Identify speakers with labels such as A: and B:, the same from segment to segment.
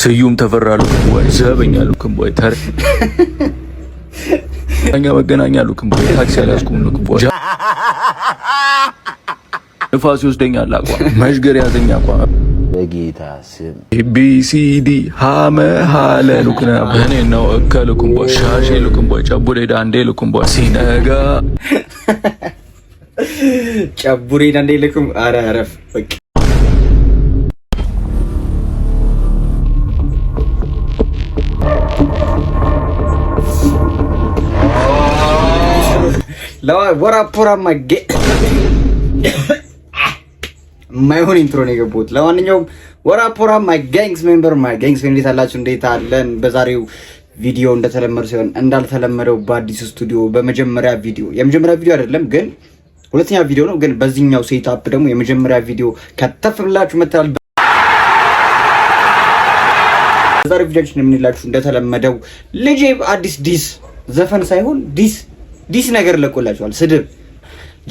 A: ስዩም ተፈራ ሉክምቦይ ዘበኛ ሉክምቦይ ተር እኛ መገናኛ ሉክምቦይ ታክሲ አልያዝኩም ቦይ ንፋስ ይወስደኛል አቋም መሽገር ያዘኝ አቋም በጌታ ስም ኤቢሲዲ ሀመ ሀለ ሉክነ በእኔ ነው እከ ሉክምቦይ ሻሼ ቦይ ጨቡሬ ዳንዴ ቦይ ሲነጋ
B: ጨቡሬ ዳንዴ ልኩም አረ አረፍ
A: ወራፕ ወራማ የማይሆን ኢንትሮ ነው የገቡት። ለማንኛውም ወራፕ ማይ ጋንግስ ሜምበር ማይ ጋንግስ እንዴት አላችሁ? እንዴት አለን? በዛሬው ቪዲዮ እንደተለመደው ሲሆን እንዳልተለመደው ስቱዲዮ በመጀመሪያ ቪዲዮ የመጀመሪያ ቪዲዮ አይደለም ግን ሁለተኛ ቪዲዮ ነው ግን በዚህኛው ደግሞ የመጀመሪያ ቪዲዮ ከተፍ ብላችሁ በዛሬው ቪዲዮችን የምንላችሁ እንደተለመደው ልጄ አዲስ ዲስ ዘፈን ሳይሆን ዲስ ዲስ ነገር ለቆላቸዋል። ስድብ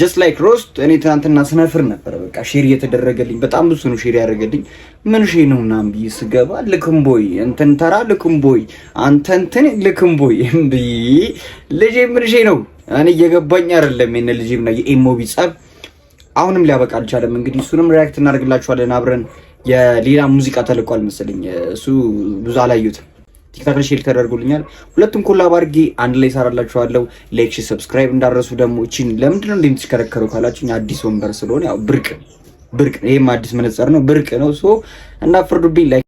A: ጀስት ላይክ ሮስት። እኔ ትናንትና ስነፍር ነበረ። በቃ ሼር እየተደረገልኝ በጣም ብዙ ነው ሼር ያደረገልኝ። ምን ሼ ነው ምናምን ብዬ ስገባ ቦይ እንትን ተራ ቦይ አንተ እንትን ቦይ እንዲ ልጄ ምን ሼ ነው እኔ እየገባኝ አይደለም። የእነ ልጄና የኤሞቢ ጸብ አሁንም ሊያበቃ አልቻለም። እንግዲህ እሱንም ሪያክት እናደርግላችኋለን አብረን። የሌላ ሙዚቃ ተልቋል መሰለኝ እሱ ብዙ አላዩትም። ቲክታክ ሼር ተደርጉልኛል። ሁለቱም ኮላብ አድርጌ አንድ ላይ ሰራላችኋለሁ። ላይክ፣ ሺ ሰብስክራይብ እንዳረሱ ደግሞ እቺን ለምንድን ነው እንደምትሽከረከሩ ካላችሁኝ አዲስ ወንበር ስለሆነ ያው ብርቅ ብርቅ፣ ይሄም አዲስ መነጽር ነው ብርቅ ነው። ሶ እንዳትፈርዱብኝ። ላይክ፣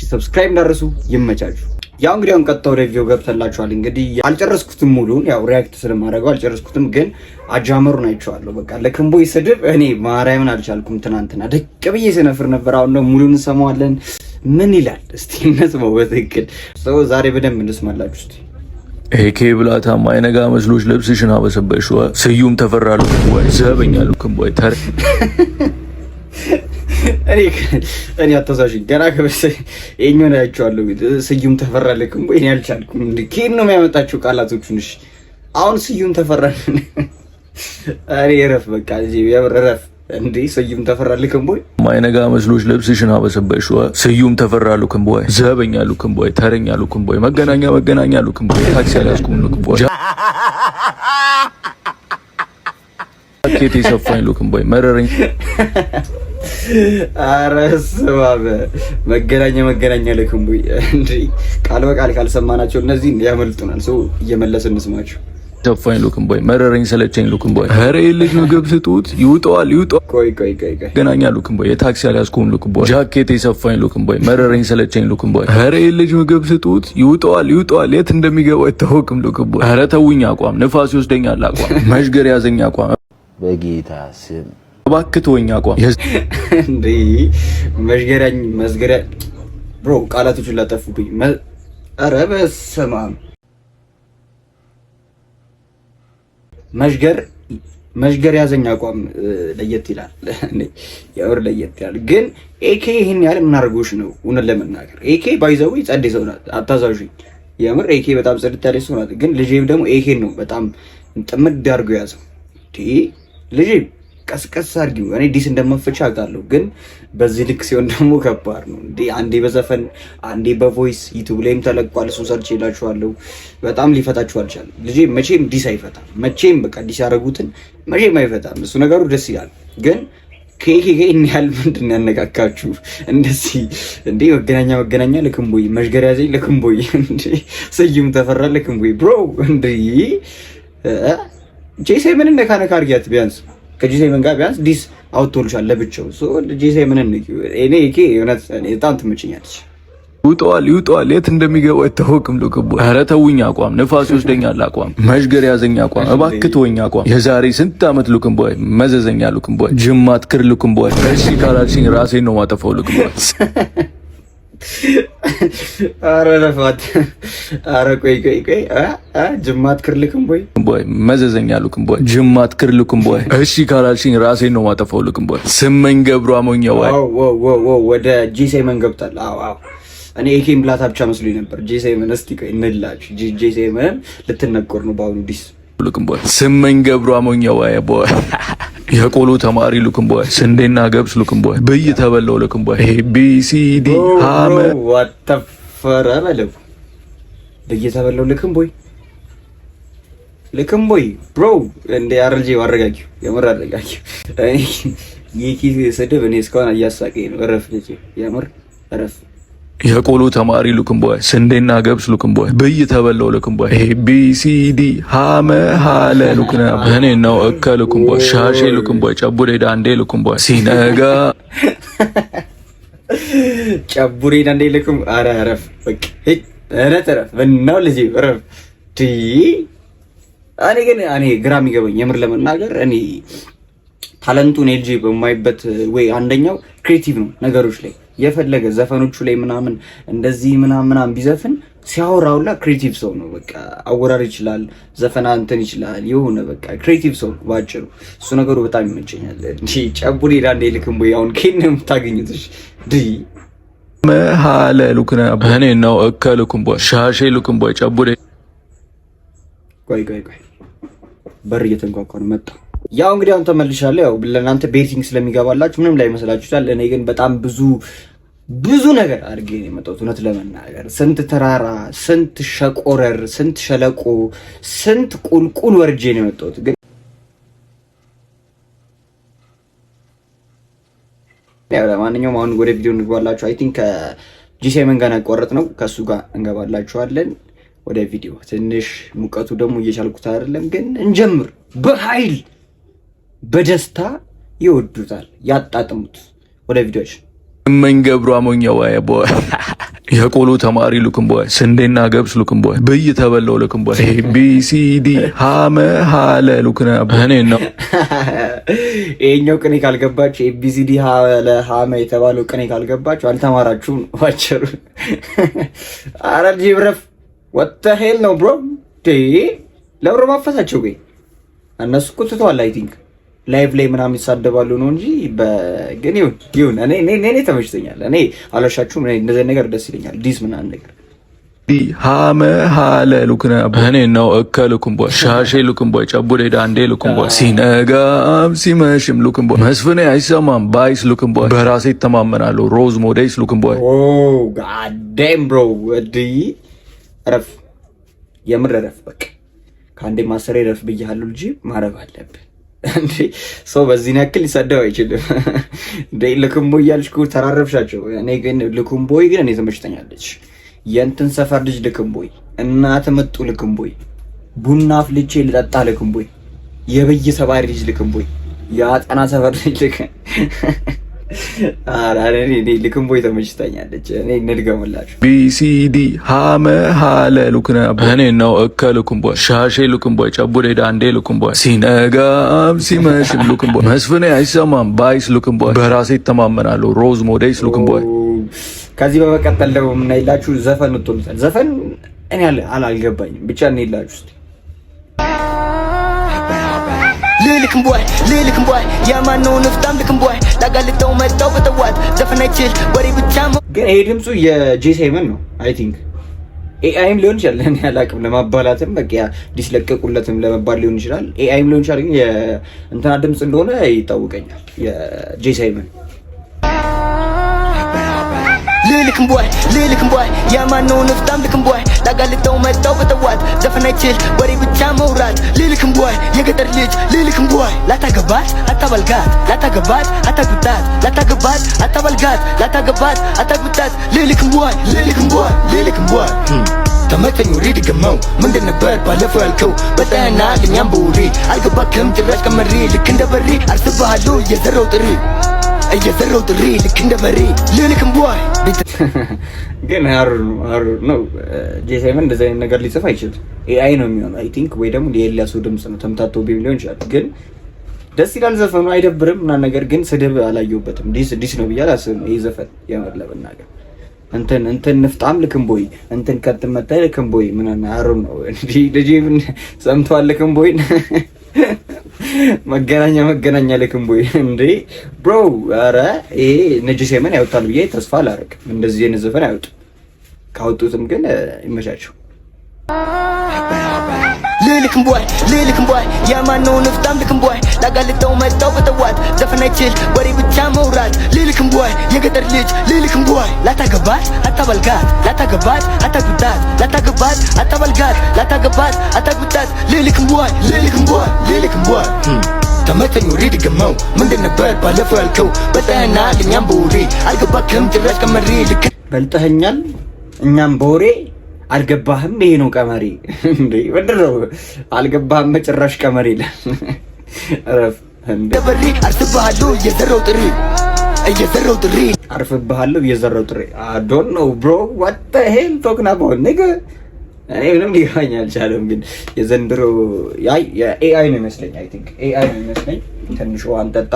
A: ሺ ሰብስክራይብ እንዳረሱ ይመቻችሁ። ያው እንግዲህ አሁን ቀጥታ ወደ ቪዲዮ ገብተላችኋል። እንግዲህ አልጨረስኩትም ሙሉን ያው ሪያክት ስለማድረገው አልጨረስኩትም፣ ግን አጃመሩን አይቼዋለሁ። በቃ ለክንቦይ ስድብ እኔ ማርያምን አልቻልኩም። ትናንትና ደቅ ብዬ ስነፍር ነበር። አሁን ነው ሙሉን እንሰማዋለን። ምን ይላል እስቲ እንስማው። በትክክል ሰው ዛሬ በደንብ እንስማላችሁ እስቲ። ኤኬ ብላታ ማይነጋ መስሎች ልብስሽን አበሰበሽ። ስዩም ተፈራሉ ወይ ዘበኛሉ ክንቦይ ተር እኔ አታሳሽ ገና ከበሰ የኛውን ያቸዋለሁ። ስዩም ተፈራለ ልክንቦይ እኔ አልቻልኩም። ኬን ነው የሚያመጣቸው ቃላቶቹንሽ። አሁን ስዩም ተፈራ እኔ ረፍ በቃ ረፍ እንዴ ስዩም ተፈራ ልክምቦይ ማይነጋ መስሎች ልብስሽን አበሰበሽ። ስዩም ተፈራ ልክምቦይ፣ ዘበኛ ልክምቦይ፣ ተረኛ ልክምቦይ፣ መገናኛ መገናኛ ልክምቦይ፣ ታክሲ አልያዝኩም ልክምቦይ፣ ኬት የሰፋኝ ልክምቦይ፣ መረረኝ። አረ ስማ መገናኛ መገናኛ ልክምቦይ። እንዴ ቃል በቃል ካልሰማናቸው እነዚህ ያመልጡናል። ሰው እየመለስ ስማቸው ጨፋኝ ሉክም ቦይ መረረኝ ሰለቸኝ ሉክም ቦይ ኧረ የልጅ ምግብ ስጡት ይውጠዋል ይውጠዋል።
B: ቆይ ቆይ ቆይ ቆይ
A: ገናኛ ሉክም ቦይ የታክሲ አልያዝኩም ሉክም ቦይ ጃኬት የሰፋኝ ሉክም ቦይ መረረኝ ሰለቸኝ ሉክም ቦይ ኧረ የልጅ ምግብ ስጡት ይውጠዋል ይውጠዋል። የት እንደሚገባ አይታወቅም ሉክም ቦይ ኧረ ተውኝ አቋም ንፋስ ይወስደኛል አቋም መሽገር ያዘኝ አቋም
B: በጌታ ስም
A: እባክትወኝ አቋም እንዴ መሽገሪያኝ መስገሪያ ብሮ ቃላቶችን ላጠፉብኝ ኧረ በስመ አብ መዥገር መዥገር ያዘኝ አቋም ለየት ይላል። ያወር ለየት ይላል። ግን ኤኬ ይህን ያህል የምናደርጎች ነው። እውነት ለመናገር ኤኬ ባይዘዊ ጸድ ሰው ናት። አታዛዥኝ የምር ኤኬ በጣም ጸድት ያለ ሰው ናት። ግን ልጄም ደግሞ ኤኬን ነው በጣም ጥምድ አድርጎ ያዘው ልጄም ቀስቀስ አድርጊ። እኔ ዲስ እንደመፈች አውቃለሁ፣ ግን በዚህ ልክ ሲሆን ደግሞ ከባድ ነው። አንዴ በዘፈን አንዴ በቮይስ ዩቱብ ላይም ተለቋል። እሱን ሰርች ሄዳችኋለሁ። በጣም ሊፈታችሁ አልቻለም። ልጄ መቼም ዲስ አይፈታም። መቼም በቃ ዲስ ያደረጉትን መቼም አይፈታም። እሱ ነገሩ ደስ ይላል፣ ግን ከይሄ ከኬ ያህል ምንድን ያነቃቃችሁ እንደዚህ እንዴ? መገናኛ መገናኛ ልክምቦይ መሽገሪያ ዘኝ ልክምቦይ ስዩም ተፈራ ልክምቦይ ብሮ እንዲ ቼሴ ምን ነካ አርጊያት ቢያንስ ከጂሴምን ጋር ቢያንስ ዲስ አውጥቶልሻል ለብቻው። ጂሴምንን እኔ ይኬ እውነት በጣም ትምችኛለች። ይውጠዋል ይውጠዋል፣ የት እንደሚገባ አይታወቅም። ልቅቦ ኧረ ተውኝ፣ አቋም ንፋስ ይወስደኛል፣ አቋም መሽገር ያዘኝ፣ አቋም እባክህ ተወኝ፣ አቋም የዛሬ ስንት ዓመት ልቅንቦይ መዘዘኛ ልቅንቦይ ጅማት ክር ልቅንቦይ እሺ ካላልሽኝ ራሴን ነው ማጠፋው ልቅንቦይ አረ ለፋት አረ ቆይ ቆይ ቆይ ጅማት ክርልክም ቦይ ቦይ መዘዘኛ ሉክም ቦይ ጅማት ክርልክም ቦይ እሺ ካላልሽኝ ራሴን ነው ማጠፋው። ልክም ቦይ ስመኝ ገብሩ አሞኛ ዋይ ወደ ጄ ሰይመን ገብቷል። አዎ አዎ እኔ ኤኬም ብላታ ብቻ መስሎኝ ነበር። ጄ ሰይመን እስቲ ቆይ እንላችሁ። ጄ ሰይመን ልትነቆር ነው በአሁኑ ዲስ ልክም ቦይ ስመኝ ገብሩ አሞኛ ዋይ ቦይ የቆሎ ተማሪ ሉክምቦ ስንዴና ገብስ ሉክምቦ ብይ ተበላው ሉክምቦ ይሄ ቢሲዲ ሀመ ዋተፈረ በለው ብይ ተበላው ልክም ቦይ ብሮ እንደ አረልጄ አረጋጊው የምር አረጋጊው ይህ ስድብ እኔ እስካሁን እያሳቀኝ ነው። እረፍ ልጄ የምር እረፍ። የቆሎ ተማሪ ሉክም ሉክምቦ ስንዴና ገብስ ሉክም ሉክምቦ ብይ ተበላው ሉክምቦ ቢሲዲ ሀመ ሀለ ሉክና እኔ ነው እከ ሉክምቦ ሻሼ ሉክምቦ ጨቡሬ ዳንዴ ሉክምቦ ሲነጋ ጨቡሬ ዳንዴ ልኩም። አረ ረፍ በቃ እረት እረፍ በእናትህ ልጄ እረፍ። እኔ ግን እኔ ግራ የሚገባኝ የምር ለመናገር እኔ ታለንቱን ኤልጂ በማይበት ወይ አንደኛው ክሬቲቭ ነው ነገሮች ላይ የፈለገ ዘፈኖቹ ላይ ምናምን እንደዚህ ምናምን ምናምን ቢዘፍን ሲያወራውላ ክሬቲቭ ሰው ነው። በቃ አወራር ይችላል፣ ዘፈና እንትን ይችላል። የሆነ በቃ ክሬቲቭ ሰው ባጭሩ። እሱ ነገሩ በጣም ይመቸኛል። እንዲ ጨቡ ሄዳ እንደ ልክም ቦይ አሁን ከነ የምታገኙትሽ ድ መሀለ ሉክና እኔ ነው እከ ልኩም ቦይ ሻሼ ልኩም ቦይ ጨቡ ቆይ ቆይ ቆይ በር እየተንኳኳ ነው መጣ ያው እንግዲህ አሁን ተመልሻለሁ። ያው ለእናንተ ቤቲንግ ስለሚገባላችሁ ምንም ላይ መስላችሁ ይችላል። እኔ ግን በጣም ብዙ ብዙ ነገር አድርጌ ነው የመጣሁት። እውነት ለመናገር ስንት ተራራ፣ ስንት ሸቆረር፣ ስንት ሸለቆ፣ ስንት ቁልቁል ወርጄ ነው የመጣሁት ግን ለማንኛውም አሁን ወደ ቪዲዮ እንግባላችሁ። አይ ቲንክ ጂሴምን ጋር ያቋረጥ ነው ከእሱ ጋር እንገባላችኋለን ወደ ቪዲዮ። ትንሽ ሙቀቱ ደግሞ እየቻልኩት አይደለም፣ ግን እንጀምር በኃይል በደስታ ይወዱታል። ያጣጥሙት። ወደ ቪዲዮች እመኝ ገብሩ አሞኛው ቦ የቆሎ ተማሪ ሉክም ቦይ ስንዴና ገብስ ሉክም ቦይ ብይ ተበለው ሉክም ቦይ ኤቢሲዲ ሀመ ሀለ ሉክነ እኔ ነው ይሄኛው ቅኔ ካልገባችሁ ኤቢሲዲ ሀለ ሀመ የተባለው ቅኔ ካልገባችሁ አልተማራችሁም። ዋቸሩ አረ ጅብረፍ ወተ ሄል ነው ብሮ ለብሮ ማፈሳቸው እነሱ እኮ ትተዋል አይ ቲንክ ላይቭ ላይ ምናምን ይሳደባሉ ነው እንጂ ግን ይሁን ይሁን፣ እኔ ተመችቶኛል። እኔ አላሻችሁም። እንደዚህ ነገር ደስ ይለኛል። ዲስ ምናምን ነገር ሀመ ሀለ ሉክነ እኔ ነው እከ ልኩም ቦይ ሻሼ ልኩም ሉክምቦ ጨቡዴ ዳንዴ ቦይ ሲነጋም ሲመሽም ልኩም ቦይ መስፍኔ አይሰማም ባይስ ልኩም ቦይ በራሴ ይተማመናሉ ሮዝ ልኩም ቦይ ጋዴም ብሮ እድይ ረፍ የምር ረፍ በቃ ከአንዴ ማሰሬ ረፍ ብያሉ ልጅ ማረብ አለብን ሰው በዚህን ያክል ሊሰደብ አይችልም። እንደ ልክምቦይ እያለች ተራረብሻቸው። እኔ ግን ልክምቦይ ግን እኔ ተመችተኛለች። የእንትን ሰፈር ልጅ ልክምቦይ፣ እናት መጡ ልክምቦይ፣ ቡና አፍልቼ ልጠጣ ልክምቦይ፣ የብይ ሰባሪ ልጅ ልክምቦይ፣ የአጠና ሰፈር ልጅ ልክ ልክምቦይ ተመችታኛለች። እንድገምላችሁ ቢሲዲ ሀመ ሀለ ሉክነ እኔ ነው እከ ልክምቦይ ሻሼ ልክምቦይ ጨቡዴ ዳንዴ ልክምቦይ ሲነጋም ሲመሽም መስፍኔ አይሰማም ባይስ በራሴ ይተማመናሉ ሮዝ ሞዴይስ ከዚህ በመቀጠል ደግሞ የምናይላችሁ ዘፈን ትሉታል። ዘፈን እኔ አላልገባኝም ብቻ እንላችሁ ስ የማነው ንፍጣም ልክምቦይ ላጋልጠው መጣው በጠዋት ዘፈናችል ወሬ ብቻ ግን ይሄ ድምፁ የጄ ሳይመን ነው አይ ቲንክ ኤአይም ሊሆን ይችላል። እኔ አላቅም። ለማባላትም በቃ ዲስለቀቁለትም ለመባል ሊሆን ይችላል። ኤአይም ሊሆን ይችላል። ግን የእንትና ድምፅ እንደሆነ ይታወቀኛል። የጄ ሳይመን ልልክም ቦይ ልልክም ቦይ ያማን ነው ንፍጣም ልክም ቦይ ተጋልጠው መጣው በጠዋት ዘፈን አይችል ወሬ ብቻ መውራት ልልክም ቦይ የገጠር ልጅ ልልክም ቦይ ላታገባት አታበልጋት ላታገባት አታግብታት ላታገባት አታበልጋት ላታገባት አታግብታት ልልክም ቦይ ልልክም ቦይ ልልክም ቦይ ተመተኝ ውሪ ድገመው ምንድን ነበር ባለፈው ያልከው በጠና ልኛም በውሪ አልገባክም ጭራሽ ከመሪ ልክ እንደ በሪ አርስባሃሉ የዘረው ጥሪ እየዘራው ጥሪ ልክ እንደ መሪ ልልክም በዋይ ግን ሀሩን ነው ጄሴምን እንደዚ አይነት ነገር ሊጽፍ አይችልም። ኤአይ ነው የሚሆነው አይ ቲንክ ወይ ደግሞ የኤልያሱ ድምፅ ነው ተምታቶ ቢም ሊሆን ይችላል። ግን ደስ ይላል ዘፈኑ አይደብርም እና ነገር ግን ስድብ አላየሁበትም። ዲስ ዲስ ነው ብያለሁ አስብም ይህ ዘፈን የመለብን ነገር እንትን እንትን ንፍጣም ልክምቦይ እንትን ከትመታይ ልክምቦይ ምናምን ሀሩን ነው ልጅ ሰምተዋል ልክምቦይን መገናኛ መገናኛ ልክም ቦይ እንዴ ብሮ፣ አረ ይሄ ነጅ ሴመን ያወጣል ብዬ ተስፋ አላደርግም። እንደዚህ አይነት ዘፈን አይወጡም። ካወጡትም ግን ይመቻቸው። ልልክም ቦይ ልልክም ቦይ የማነው ንፍጣም ልክም ቦይ ላጋልጠው መጣው በጠዋት ዘፈን አይችል ወሬ ብቻ መውራት ልልክም ቦይ የገጠር ልጅ ልልክም ቦይ ላታገባት አታበልጋት ላታገባት አታጉዳት ላታገባት አታበልጋት ላታገባት አታጉዳት ልልክም ቦይ ልልክም ቦይ ልልክም ቦይ ተመተኝ ውሪ ድገመው ምንድን ነበር ባለፈው ያልከው በልጠኸናል እኛም በወሬ አልገባክም ጭራሽ ቀመሬ ልክ በልጠኸኛል እኛም በወሬ አልገባህም? ይሄ ነው ቀመሪ እንዴ ምንድን ነው አልገባህም? መጨራሽ ቀመሪ ይላል። እረፍ ገበሬ። አርስብሃለሁ እየዘራው አርፍብሃለሁ እየዘራው ጥሪ። አይ ዶንት ብሮ ዋት ሄል ቶክና ቦን ነገ እኔ ምንም ሊገባኝ አልቻለም። ግን የዘንድሮ አይ ነው ይመስለኝ። አይ ቲንክ ኤአይ ነው ይመስለኝ። ትንሽ ውሃ እንጠጣ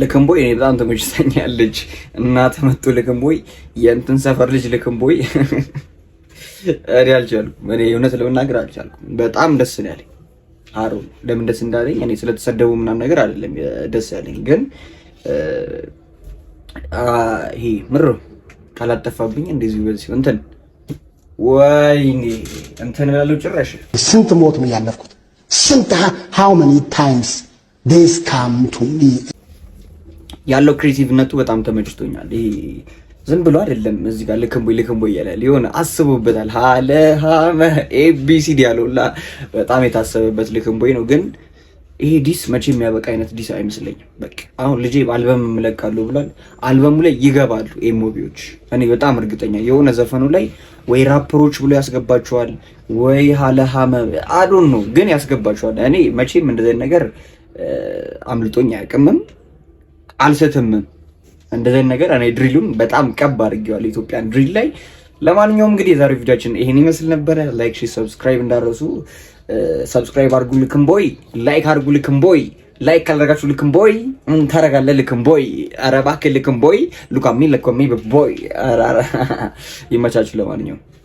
A: ልክምቦይ እኔ በጣም ተመችቶኛል። ልጅ እና ተመቶ ልክምቦይ የእንትን ሰፈር ልጅ ልክምቦይ እኔ አልቻልኩም። እኔ እውነት ለመናገር አልቻልኩም። በጣም ደስ ነው ያለኝ። አሮ ለምን ደስ እንዳለኝ እኔ ስለተሰደቡ ምናምን ነገር አይደለም ደስ ያለኝ፣ ግን ይሄ ምሮ ካላጠፋብኝ እንደዚህ በዚህ እንትን ወይኔ እንትን ላለው ጭራሽ ስንት ሞት ነው ያለፍኩት ስንት ሃው መኒ ታይምስ ዴስ ካም ቱ ሚ ያለው ክሬቲቭነቱ በጣም ተመችቶኛል። ይሄ ዝም ብሎ አይደለም። እዚህ ጋር ልክም ቦይ ልክም ቦይ እያለ የሆነ አስቡበታል። ሀለ ሀመ ኤቢሲዲ ያለውላ በጣም የታሰበበት ልክም ቦይ ነው። ግን ይሄ ዲስ መቼ የሚያበቃ አይነት ዲስ አይመስለኝም። በቃ አሁን ልጄ አልበም እምለቃለሁ ብሏል። አልበሙ ላይ ይገባሉ ኤሞቢዎች፣ እኔ በጣም እርግጠኛ የሆነ ዘፈኑ ላይ ወይ ራፐሮች ብሎ ያስገባቸዋል ወይ ሀለ ሀመ አዶን ነው ግን ያስገባቸዋል። እኔ መቼም እንደዚህ ነገር አምልጦኝ አያውቅምም አልሰትምም። እንደዚህ ነገር እኔ ድሪሉን በጣም ቀብ አድርጌዋለሁ ኢትዮጵያን ድሪል ላይ። ለማንኛውም እንግዲህ የዛሬው ቪዲዮችን ይሄን ይመስል ነበረ። ላይክ፣ ሺ ሰብስክራይብ እንዳረሱ። ሰብስክራይብ አድርጉ ልክም ቦይ፣ ላይክ አድርጉ ልክም ቦይ፣ ላይክ ካላደረጋችሁ ልክም ቦይ እንታረጋለን ልክም ቦይ፣ ኧረ እባክህ ልክም ቦይ፣ ሉካሚ ለኮሚ ቦይ። ይመቻችሁ ለማንኛውም